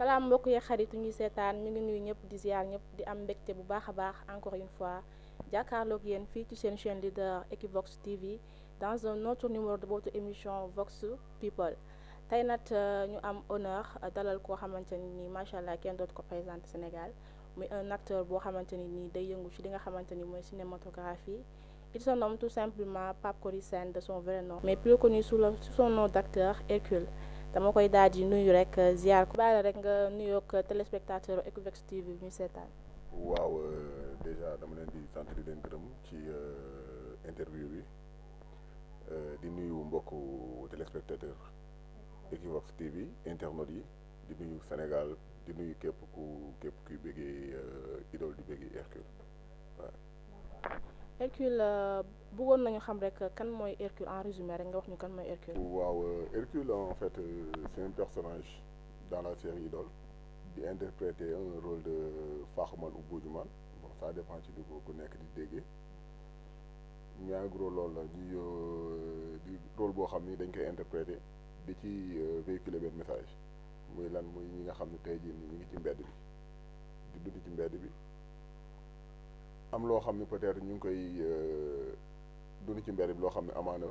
salaam mbokk yi xaritu ñuy seetaan ñu ngi nuyu ñëpp di ziar ñëpp di am mbégte bu baax a baax encore une fois jàkkaarloog yéen fii ci seen chaîne leader Equivox TV dans un autre numéro de votre émission Vox People tey nag euh, ñu am honneur euh, dalal koo xamante ni macha allah kenn dootu ko Sénégal muy un acteur boo xamante ni nii day yëngu ci li nga xamante ni mooy cinématographie il se nomme tout simplement Pape Cory Sène de son vrai nom mais plus connu sous son nom d'acteur dama koy daal di nuyu rek euh, ziar ku baax rek nga nuyoog téléspectateur Equivox TV bi ñu seetaan. waaw euh, déjà dama leen di sant di leen gërëm ci euh, interview bi di nuyu mbokku téléspectateur Equivox TV internautes yi di nuyu Sénégal di nuyu képp ku képp kuy bëggee idole di bëggee Hercule Hercule euh, bëggoon nañu xam rek kan mooy Hercule en résumé rek nga wax ñu kan mooy Hercule. waaw euh, Hercule en fait euh, c'est un personnage dans la série Idoles di interpréter un rôle de Faaxuman ou Boojuman bon ça dépend ci li ko ku nekk di déggee mais en gros loolu la di di rôle boo xam ni dañ koy interpréter di ci véhiculer benn message muy lan muy ñi nga xam ne tey jii ñu ngi ci mbedd bi di dund ci mbedd bi. am loo xam ne peut-être ñu ngi koy euh, du ci mbedd bi loo xam ne amaana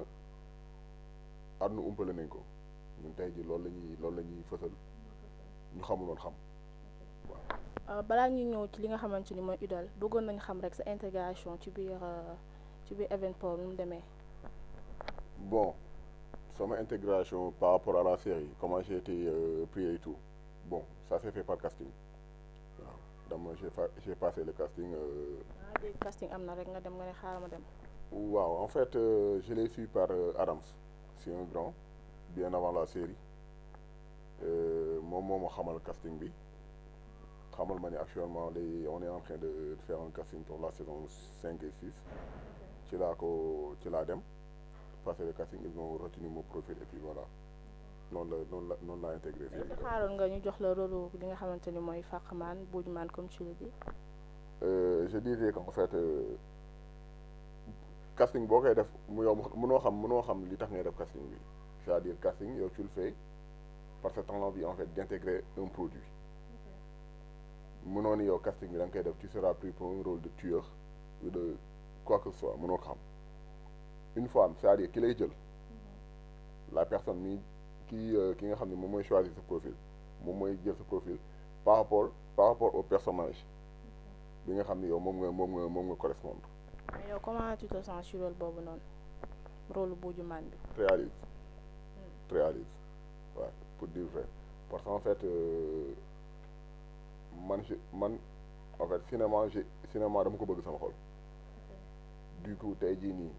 àdduna umpale nañ ko ñun tey ji loolu la ñuy loolu la ñuy fësal ñu xamuloon xam waaw. Euh, balaa ñuy ñëw ci li nga xamante ni mooy UDAL bëggoon nañ xam rek sa intégration ci biir euh, ci biir Evenprod nu mu demee. bon sama intégration par rapport à la série comment j'ai été euh, pris tout bon ça s'est fait par waaw. dama j'ai passé le casting. Euh, ah léegi casting am na rek nga dem nga ne xaaral ma dem. waaw en fait euh, je l'ai su par euh, Adams c'est un grand bien avant la série euh, moom moo ma xamal casting bi xamal ma ne actuellement léegi on est en train de faire un casting pour la saison cinq et six ci laa ko ci laa dem passé le casting ils ont retenu mon profil et puis voilà. noonu la noonu la noonu laa intégré fii. nga ñu jox la rôle li nga xamante ni mooy Faqman Boujman comme tu le dis. Euh, je dirais qu'en fait euh, casting boo koy def mu yomb mënoo xam mënoo xam li tax ngay def casting bi c'est-à-dire casting parce que t'as envie en fait d'intégrer un produit. mënoo ni yow casting bi koy def tu seras pris pour un rôle de tueur ou de quoi que soit mënoo ko xam une fois c'est-à-dire ki lay jël mm-hmm. la personne mi. kii euh, ki nga xam ne moom mooy choisir sa profil moom mooy jël sa profil par rapport par rapport au personnage bi nga xam ne yow moom nga moom nga moom nga correspondre. mais yow comment tu te sens sur rôle boobu noonu rôle buuju maan bi. très hmm. à pour dire vrai parce que en fait euh, man je man en fait cinéma je cinéma dama ko bëgg sama xol. du coup tey jii nii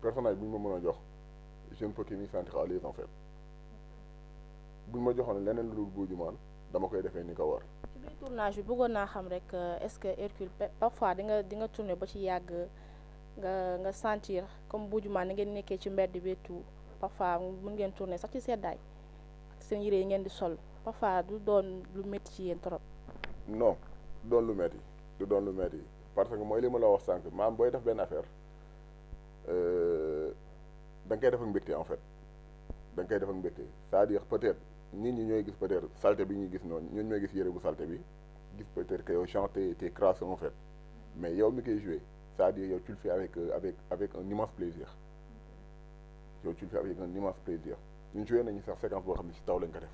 personnage bi ñu ma mën a jox je ne peux que sentir à en fait. buñ ma joxoon leneen lu dul buujumaan dama koy defee ni ko war. ci tournage bi bëggoon naa xam rek euh, est-ce que Hercule parfois di nga di nga ba ci yàgg nga nga sentir comme buujumaan ni ngeen nekkee ci mbedd bi tout parfois mën ngeen tourner sax ci seddaay ak seen yére yi ngeen di sol parfois du doon lu métti ci yéen trop. non doon lu métti du doon lu métti parce que mooy li ma la wax sànq maam booy def benn affaire euh, da nga koy def en fait da nga koy def nit ñi ñooy gis peut-être saleté bi ñuy gis noonu ñun ñooy gis yére bu saleté bi gis peut-être que yow chanté t'es crasse en fait mais yow mi koy joué c'est-à-dire yow tu le fais avec euh, avec avec un immense plaisir yow tu le fais avec un immense plaisir ñu joué nañu sax séquence boo xam ne si taw lañ ko def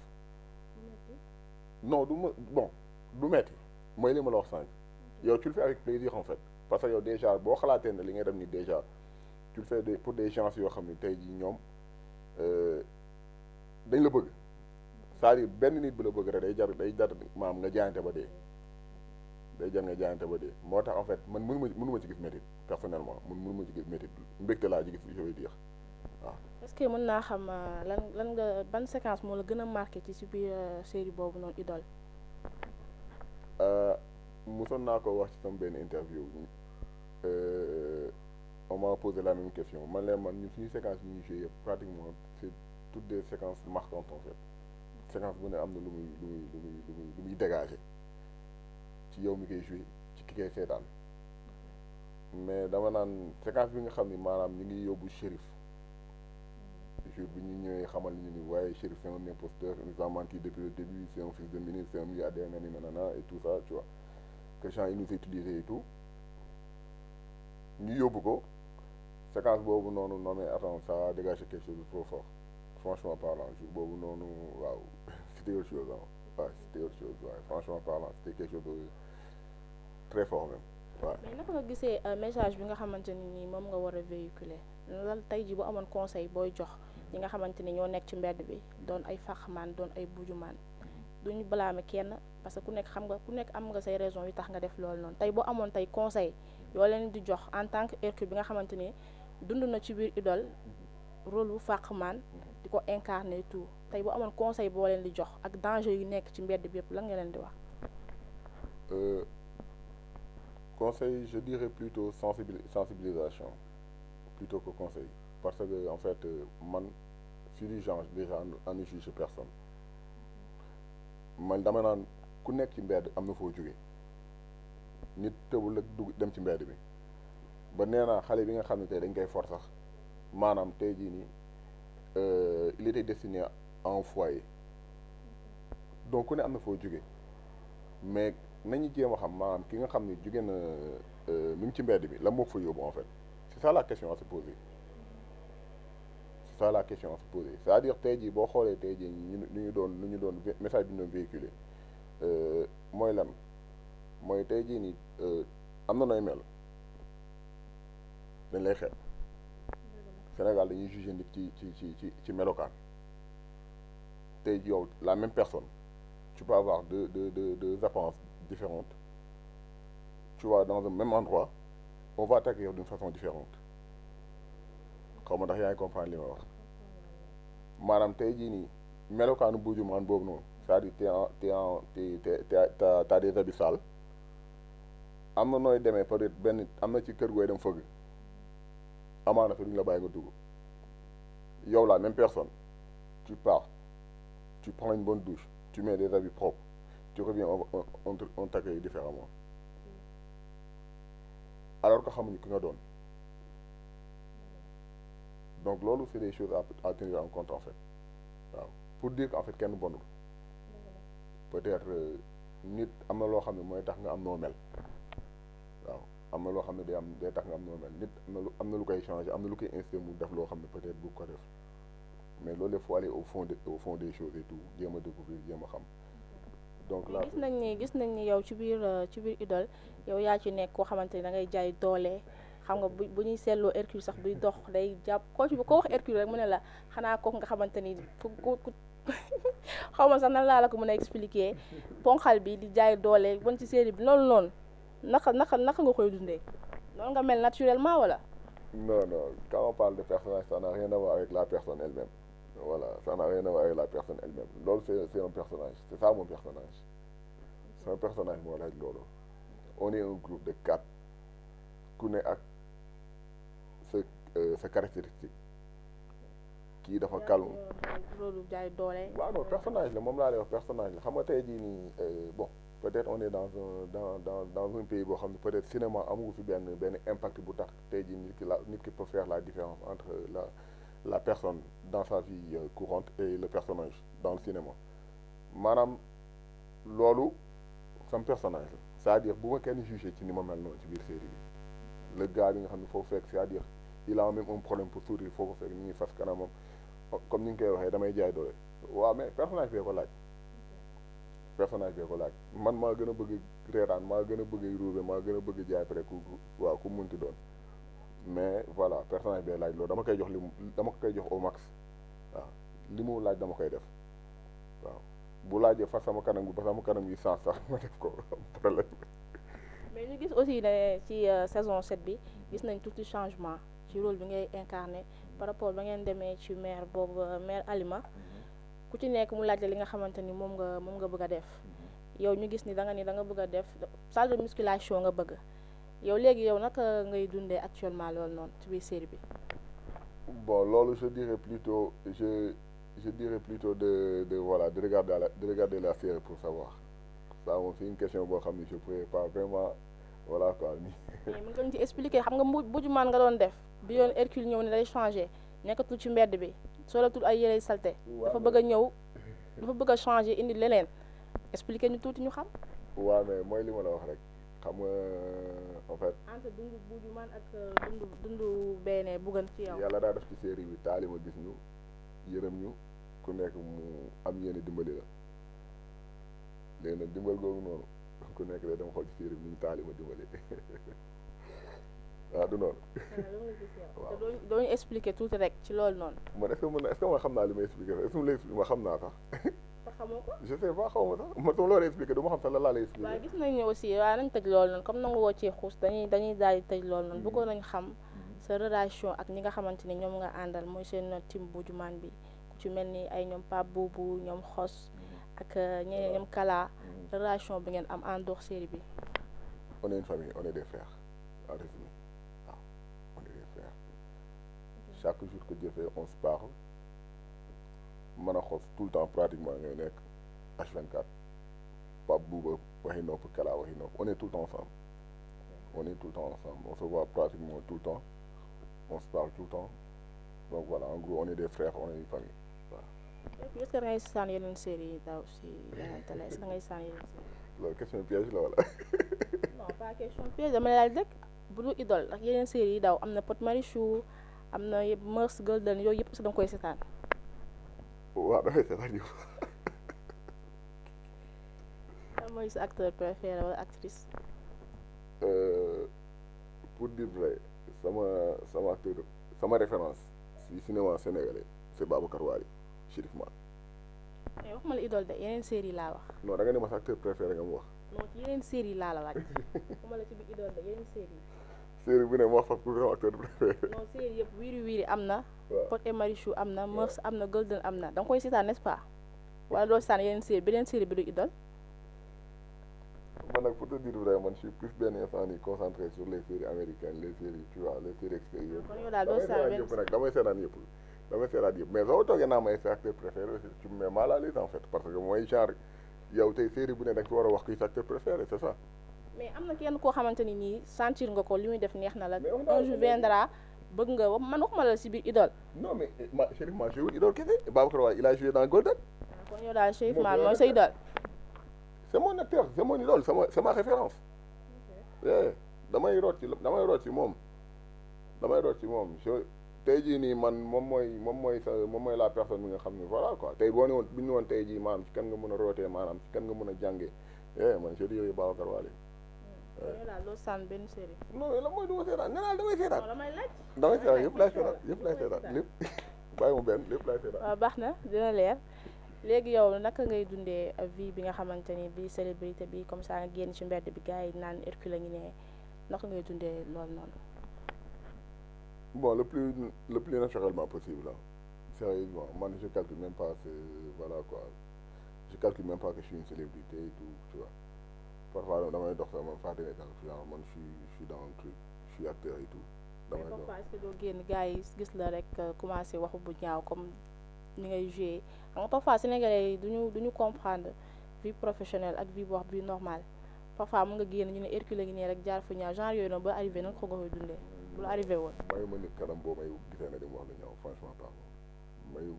non du ma bon du metti mooy li ma la wax sànq yow tu le fais avec plaisir en fait parce que yow déjà boo xalaatee ne li ngay dem ni déjà tu le fais pour des gens yoo xam ne tey jii ñoom euh, dañ la bëgg cest à benn nit bu la bëgg rek day jar day jar maam nga jaayante ba dee day jar nga jaayante ba dee moo tax en fait man mënu ma mënu ma ci gis métit personnellement man mënu ma ci gis métit mbégte laa ci gis est-ce que mën naa xam euh, lan lan nga ban séquence moo la gën a marqué ci si biir euh, série boobu noonu idole euh, mosoon naa ko wax ci sama benn interview on m'a posé la même question man leen man ñun suñu séquence yi ñuy joué yëpp pratiquement c'est tout de séquences marquantes en fait séquence bu ne am na lu muy lu muy lu muy lu muy lu muy dégagé ci yow mi koy joué ci ki koy seetaan mais dama naan séquence bi nga xam ni maanaam ñu ngi yóbbu shérif jour bi ñu ñëwee xamal ñu ni waaye shérif c'est un imposteur nous a menti depuis le début c'est un fils de ministre c'est un ni nanana yi nous utilisé et tout ñu yóbbu ko séquence boobu noonu non mais attends ça a dégagé quelque chose de trop fort franchement parlant jour boobu noonu c'était autre chose waaw waaw c'était autre chose waaw nga gisee euh, message bi nga xamante ne nii moom nga war a véhiculer lan tey jii bu amoon conseil booy jox ñi nga xamante ni ñoo nekk ci mbedd bi doon ay faxmaan doon ay bujumaan duñu blâmer kenn parce que ku nekk xam nga ku nekk am nga say raison yu tax nga def loolu noonu tey boo amoon tey conseil yoo leen di jox en tant que Hercule bi nga xamante ni dund na ci biir idole rôle bu faxmaan di ko incarner tout. tey bu amoon conseil boo leen di jox ak danger yu nekk ci mbedd bi yëpp lan nga leen di wax. Euh, conseil je dirais plutôt sensibilisation plutôt que conseil parce que en fait euh, man si du genre déjà en ne juge personne man dama naan ku nekk ci mbedd am na foo jóge nit tëbul ak dugg dem ci mbedd bi ba nee naa xale bi nga xam ne tey dañ koy for sax maanaam tey jii nii euh, il était destiné en foyer donc ku ne am na foo jóge mais nañu jéem a xam maanaam ki nga xam ne jóge na euh, mi ngi ci mbedd bi la moo fa yóbbu en fait c'est ça la question à se poser c'est la question à se dire tey jii boo xoolee tey jii ñu ñu ñu doon lu ñu doon message bi ñu doon véhiculé euh, mooy lan mooy tey jii nii euh, am na nooy mel dañ lay xel Sénégal dañuy jugé nit ci ci ci ci ci melokaan. tey yow la même personne tu peux avoir deux deux deux deux apparences différentes tu vois dans un même endroit on va attaquer yow d'une façon différente xaw ma ndax yaa ngi comprendre li ma wax maanaam tey jii nii melokaanu bujumaan boobu noonu c'est-à-dire t'es en t'es en t'es t'as t'as des habits sales am na nooy demee peut-être benn am na ci kër gooy dem fëgg amaana fa duñ la bàyyi nga dugg yow la même personne tu pars tu prends une bonne douche, tu mets des habits propres, tu reviens, on, on, on t'accueille différemment. Alors que xamuñu ki nga doon donc loolu c'est des choses à, à tenir en compte en fait waaw pour dire que en fait kenn bonul peut-être euh, nit am na loo xam ne mooy tax nga am noo mel waaw am na loo xam ne day am day tax nga am noo mel nit am na lu am na lu koy changer am na lu koy inciter mu def loo xam ne peut-être bu ko def mais loolu il faut aller au fond de au fond des choses et tout jéem a découvrir jéem a xam donc là gis nañ ni gis nañ ni yow ci biir euh, ci biir idole yow yaa ci nekk koo xamante ni da ngay jaay doole xam nga bu bu ñuy seetloo Hercule sax buy dox day jàpp koo ci ko wax Hercule rek mu ne la xanaa kooku nga xamante ni ku ku xaw ma sax nan laa la ko mën a expliquer ponxal bi di jaay doole bon ci série bi loolu noonu naka naka naka nga koy dundee noonu nga mel naturellement wala. non non quand on parle de personnage ça n'a rien à voir avec la personne elle-même. voilà ça n'a rien à voir la personne elle-même loolu c'est c'est un personnage c'est ça mon personnage sama personnage moo laaj groupe de quatre ku ne ak sa euh, sa caractéristique kii dafa calme loolu jaay doole waaw non personnage la moom laa lay wax personnage la xam nga tey ji nii euh, bon peut-être on est dans un dans dans dans un pays boo xam ne peut-être cinéma amu fi benn benn impact bu tax tey jii nit ki la nit ki peut faire la différence entre la la personne dans sa vie euh, courante et le personnage dans le cinéma maanaam loolu sam personnage la cest dire bu ma kenn jugé ci ni ma mel noonu ci biir série bi le gars bi nga xam ne foofu fekk c'est-à-dire il a même un problème pour sourire foo ko fekk ñu ngi fas kanamam comme ni ñu koy waxee damay jaay doole waaw mais personnage bee ko laaj personnage bee ko laaj man maa gën a bëgg reetaan maa gën a bëgg ruube maa gën a bëgg jaay pare ku waaw ku munti doon mais voilà personnage bi laaj loolu dama koy jox li mu dama koy jox au max waaw li mu laaj dama koy def waaw bu laajee fa sama kanam gi ba sama kanam gi sans sax ma def ko problème. mais ñu gis aussi ne ci euh, saison 7 bi gis nañ tuuti changement ci rôle bi ngay incarné par rapport ba ngeen demee ci mère boobu euh, mère aliment ku ci nekk mu laaj la li nga xamante ni moom nga moom nga bëgg a def mm-hmm. yow ñu gis ni da nga ni da nga bëgg a def salle de musculation nga bëgg. yow léegi yow naka ngay dundee actuellement loolu noonu ci biir série bi. bon loolu je dirais plutôt je je dirais de de voilà de regarder la de regarder la série pour savoir ça moom c'est une question boo xam ne je pourrais pas vraiment voilà quoi. mais mën nga ñu ci expliquer xam nga mbu bujumaan nga doon def bi yoon Hercule ñëw ne day changé nekkatul ci mbedd bi solatul ay yére salté dafa bëgg a ñëw dafa bëgg a changé indi leneen expliquer ñu tuuti ñu xam. mooy li ma wax rek. xam nga en fait. entre dundu buuju man ak euh, dundu dundu beneen buggan ci yow. yàlla daa def ci série bi taaliba gis ñu yërëm ñu ku nekk mu am yéene dimbali la léegi dimbal googu noonu ku nekk day dem xool ci série bi ñu taaliba dimbali waaw du noonu. Ah, waaw doo ñu expliquer tuuti rek ci loolu noonu. man est-ce que mën na xam naa li may expliquer est-ce que ma xam naa sax. xamoo ko. je sais pas sax ma loolu lay expliqué du ma xam sax lan laa lay expliqué. waaw gis nañ ne aussi waaye nañ tëj loolu noonu comme nangu woo xuus dañuy daal di tëj loolu noonu bëggoon nañ xam mhm. sa relation ak ñi nga xamante ni ñoom nga àndal mooy seen team bu jumaan bi ku ci mel ni ay ñoom Pape Boubou ñoom Xos mhm. ak euh, ñeneen ñoom Kala mhm. relation bi ngeen am en dehors série bi. on est une famille on est des ah, chaque jour que Dieu fait on mën a xool tout le temps pratiquement ñooy nekk H24 Pape Bouba waxi nopp Kala waxi nopp on est tout le temps ensemble on est tout le temps ensemble on se voit pratiquement tout le temps on se parle tout le temps donc voilà en gros on est des frères on est une famille waaw. est ce que da ngay saan yeneen séries yi daaw si yeneen télé est ce que da ngay saan yeneen séries. loolu question piège la wala. non pas question piège dama laaj rek bu dul idole ak yeneen séries yi daaw am na Pod Marichou am na Mœurs Golden yooyu yëpp est ce que da nga koy seetaan. waaw dafay seetaan yow. lan mooy sa acteur préféré wala actrice. Euh, pour dire vrai sama sama acteur sama référence si cinéma sénégalais c'est Babacar Wali Chérif Mar. mais waxuma la idole de yeneen série laa wax. non da ne ma sa acteur préféré nga mu wax. non ci yeneen série laa la wax waxuma la ci biir idole de yeneen série. série bu ne ma wax fa pour sama acteur préféré. non série yëpp wiiri wiiri am na. waaw Pod et Marichou am na Mœurs am na Golden am na da nga koy seetaan n'est-ce pas. wala doo seetaan yeneen série beneen série bi du idole. man nag pour te dire vrai man je suis plus benn instant nii concentré sur les séries américaines les séries tu vois les séries extérieures. kon yow daal doo seetaan yëpp nag damay seetaan yëpp damay seetaan yëpp mais soo toogee naa may sa acteur préféré aussi tu me mets mal à l'aise en fait parce que mooy genre yow tey série bu ne da nga ko war a mais am na kenn koo xamante ni nii sentir nga ko li muy def neex na la. un jour viendra bëgg nga wax man waxuma la si biir idole. non mais eh, ma Chérif Mal joué wul idole kese Babacar Wade il a joué dans Golden. Ah, kon yow daal Chérif Mal mooy sa idole. c' est mon acteur c' est mon idole c' est ma c' est ma référence. Eh, damay root ci damay root ci moom damay root ci moom je tey jii nii man moom mooy moom mooy sa moom mooy la personne bi nga xam ne voilà quoi tey boo ne woon bu ñu woon tey jii maanaam ci kan nga mën a rootee maanaam ci kan nga mën a jàngee eh man je dirais Babacar Wade. daal loo sànn benn série. non mais lan mooy du ma seetaan nee naa damay seetaan. damay laaj damay seetaan yëpp laay seetaan yëpp laay seetaan lépp bàyyi ma benn lépp laay seetaan. waaw baax na dina leer léegi yow naka ngay dundee vie bi nga xamante ni bi célébrité bi comme ça nga génn ci mbedd bi gars yi naan Hercule la ñu ne naka ngay dundee loolu noonu. bon le plus le plus naturellement possible ah sérieusement man je calcule même pas que voilà quoi je calcule même pas que je tout tu parfois damay dox sax man Fatou Ndiaye daal man je suis je suis dans un truc je suis acteur et tout. damay dox mais parfois est-ce que doo génn gars yi gis la rek euh, commencé waxu bu ñaaw comme ni ngay joué xam nga parfois sénégalais yi duñu duñu comprendre vie professionnelle ak vie wax bi normale parfois mun nga génn ñu ne Hercule ngi nii rek jaar fu ñaaw genre yooyu noonu ba arrivé nag ko nga koy dundee. bu la arrivé woon. mayu ma nit kanam boo may gisee ne di ma wax lu ñaaw franchement pas mayu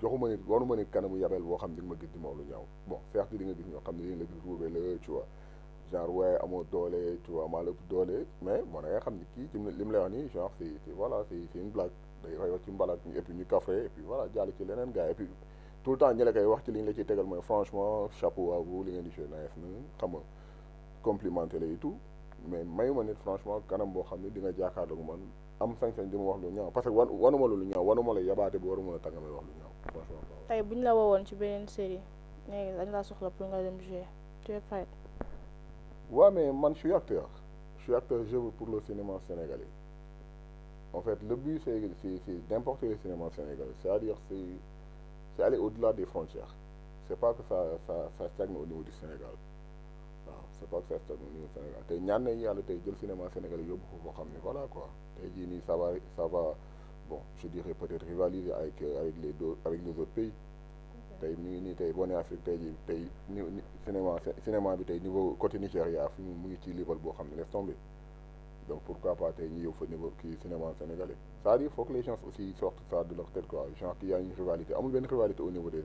joxuma nit waruma nit kanamu yabel boo xam ne di nga ma gis di ma wax lu ñaaw bon certes di nga gis ñoo xam ne dañ la gis ruubee la tu vois genre waaye amoo doole tu vois maa la doole mais bon da nga xam ni kii ci li wax nii genre c'est c'est voilà c'est une blague day wax ci mbalaat ñu kafre et voilà jàll ci leneen gars et puis tout temps ñi la koy wax ci li ñu tegal mooy franchement chapeau à vous li ngeen di joué naef na xam nga complimenté tout mais may nit franchement kanam boo xam ne di nga jaakaarloo man am sañ-sañ di ma wax lu ñaaw parce que wanuma lu ñaaw wanuma lu ñaaw franchement waaw mais man je suis acteur je suis je veux pour le cinéma sénégalais en fait le but c'est c'est c'est d'importer le cinéma sénégalais c'est-à-dire c'est c'est aller au-delà des frontières c'est pas stagne au niveau du Sénégal waaw ah, c'est pas que stagne au niveau du Sénégal te ñaan nañu yàlla tey jël cinéma sénégalais yóbbu ko foo xam ne voilà quoi tey jii nii ça va ça va bon je dirais peut-être rivaliser avec avec les deux avec les autres pays tey mi ngi nii tey boo nee Afrique tey jii tey cinéma cinéma bi tey niveau côté Nigéria fu mu ngi ci level boo xam ne laisse tomber donc pourquoi pas tey ñu yóbbu fa niveau kii cinéma sénégalais c'est-à-dire faut que les gens sa sortent ça de leur tête quoi genre qu'il y a une rivalité amul benn rivalité au niveau des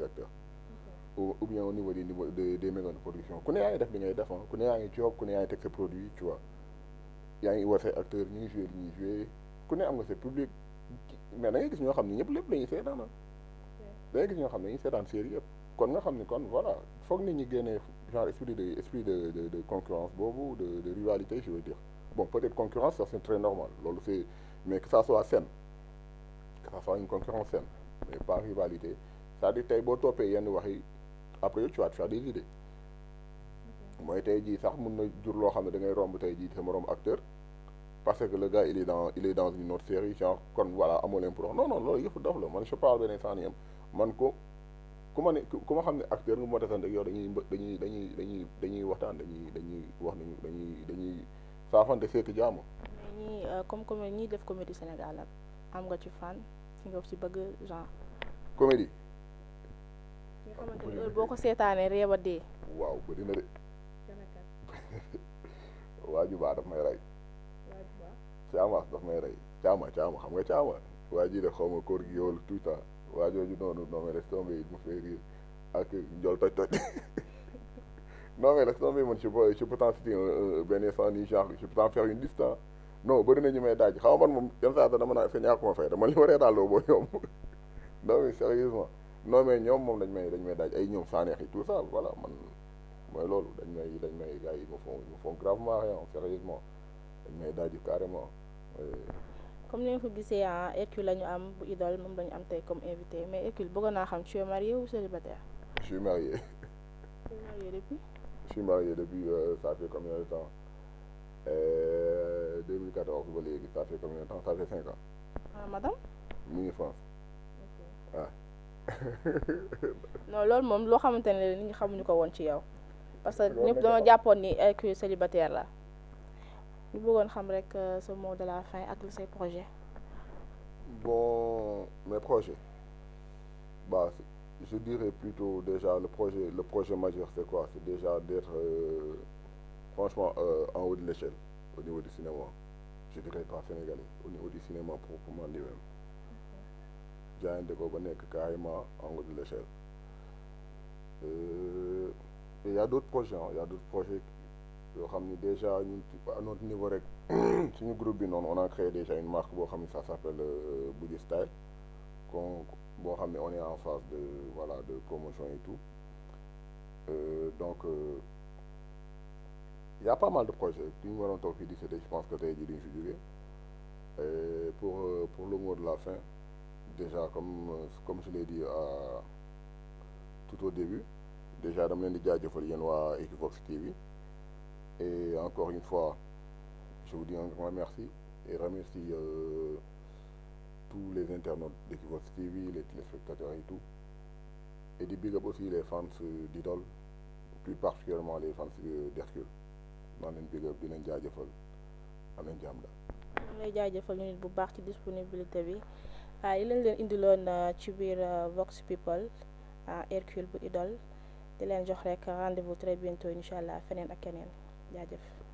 ou bien au niveau des niveau de production ku ne yaa ngi def li ngay def ah ku ne yaa ngi job ku ne yaa ngi teg sa produit tu vois yaa ngi war say acteurs ñu ngi joué li ku ne am nga sa public mais da ñoo xam ne ñëpp lépp la ñuy seetaan ah. day gis ñoo xam ne se seetaan série yëpp kon nga xam ne kon voilà foog nit ñi génnee genre esprit de esprit de de de concurrence boobu de de rivalité je veux dire bon peut-être concurrence ça c'est très normal loolu c'est mais que ça soit saine que ça soit une concurrence saine mais pas rivalité c'est-à-dire tey boo toppee yenn wax yi après tu vas te faire des idées mooy tey jii sax mun na jur loo xam ne da ngay romb tey jii sa moroom acteur parce que le gars il est dans il est dans une autre série genre kon voilà amoo leen pour non non loolu yëpp dof la man je parle beneen saa ni man ko ku ma ne ku ma xam ne acteur nga moo tasante ak yow dañuy dañuy dañuy dañuy dañuy waxtaan dañuy dañuy wax nañu dañuy dañuy saafante seeti jàmm. ñii euh, comme comme ñii def comédie Sénégal ak am nga ci fan ci nga ci bëgg genre. comédie. ñi xamante ne boo ko seetaanee réew a dee. waaw bëri na de. waa ju baax daf may rey. caamaas daf may rey caama caama xam nga caama waa ji de xaw ma kóor gi yow tout le temps waa jooju noonu non mais laisse tomber il me fait rire ak njool toj toj non mais laisse tomber man je peux je peux t'en citer benn instant nii genre je peux t'en faire une liste non bëri na ñu may daaj xaw man moom yan saa dama naa est-ce que ñàkkuma fay dama li ma reetaan loo boo yomb non mais sérieusement non mais ñoom moom dañ may dañ may daaj ay ñoom saaneex yi tout ça voilà man mooy loolu dañ may dañ may gars yi ils me font ils me font comme ni nga ko gisee ah Hercule la ñu am bu idole moom la ñu am tey comme invité mais Hercule bëggoon naa xam tu es marié ou célibataire. je suis marié. tu es marié depuis. je suis marié depuis euh, ça fait combien de temps euh, 2014 ba léegi ça fait combien de temps ça fait cinq ans. ah madame. mu ngi France. ok waaw. Ah. non loolu moom loo xamante ne nit ñi xamuñu ko woon ci yow. parce que ñëpp dañoo jàppoon ni Hercule célibataire la. ñu bëggoon xam rek euh, ce mot de la fin ak lu say projet bon mes projets bah je dirais plutôt déjà le projet le projet majeur c'est quoi c'est déjà d'être euh, franchement euh, en haut de l'échelle au niveau cinéma je dirais pas sénégalais au niveau cinéma proprement dit même jaayante ko ba nekk carrément en haut de l'échelle euh, a d'autres projets il y a d'autres projets yoo xam ni déjà ñun à notre niveau rek suñu groupe bi noonu on a créé déjà une marque boo xam ni sa s'appelle euh, Body Style kon boo xam ne on est en de voilà de promotion et tout euh, donc euh, y a pas mal de projets duñu waroon toog fii di seede je pense que tey jii duñu fi jógee pour euh, pour le mot la fin déjà comme euh, comme je l'ai dit à tout au début déjà dama leen di jaajëfal yéen waa Equivox TV Et encore une fois, je vous dis euh, tous les internautes d'Equivox TV, les téléspectateurs et tout. Et des big up les fans d'Idol, plus particulièrement les fans d'Hercule. maa leen big up leen jaajëfal am leen jàmm daal. ñu lay jaajëfal ñu nit bu baax ci disponibilité bi waaye ah, leen leen indiloon ah, ci biir ah, Vox People Hercule bu Idol di leen jox rek rendez-vous très bientôt incha allah feneen ak keneen. jaajëf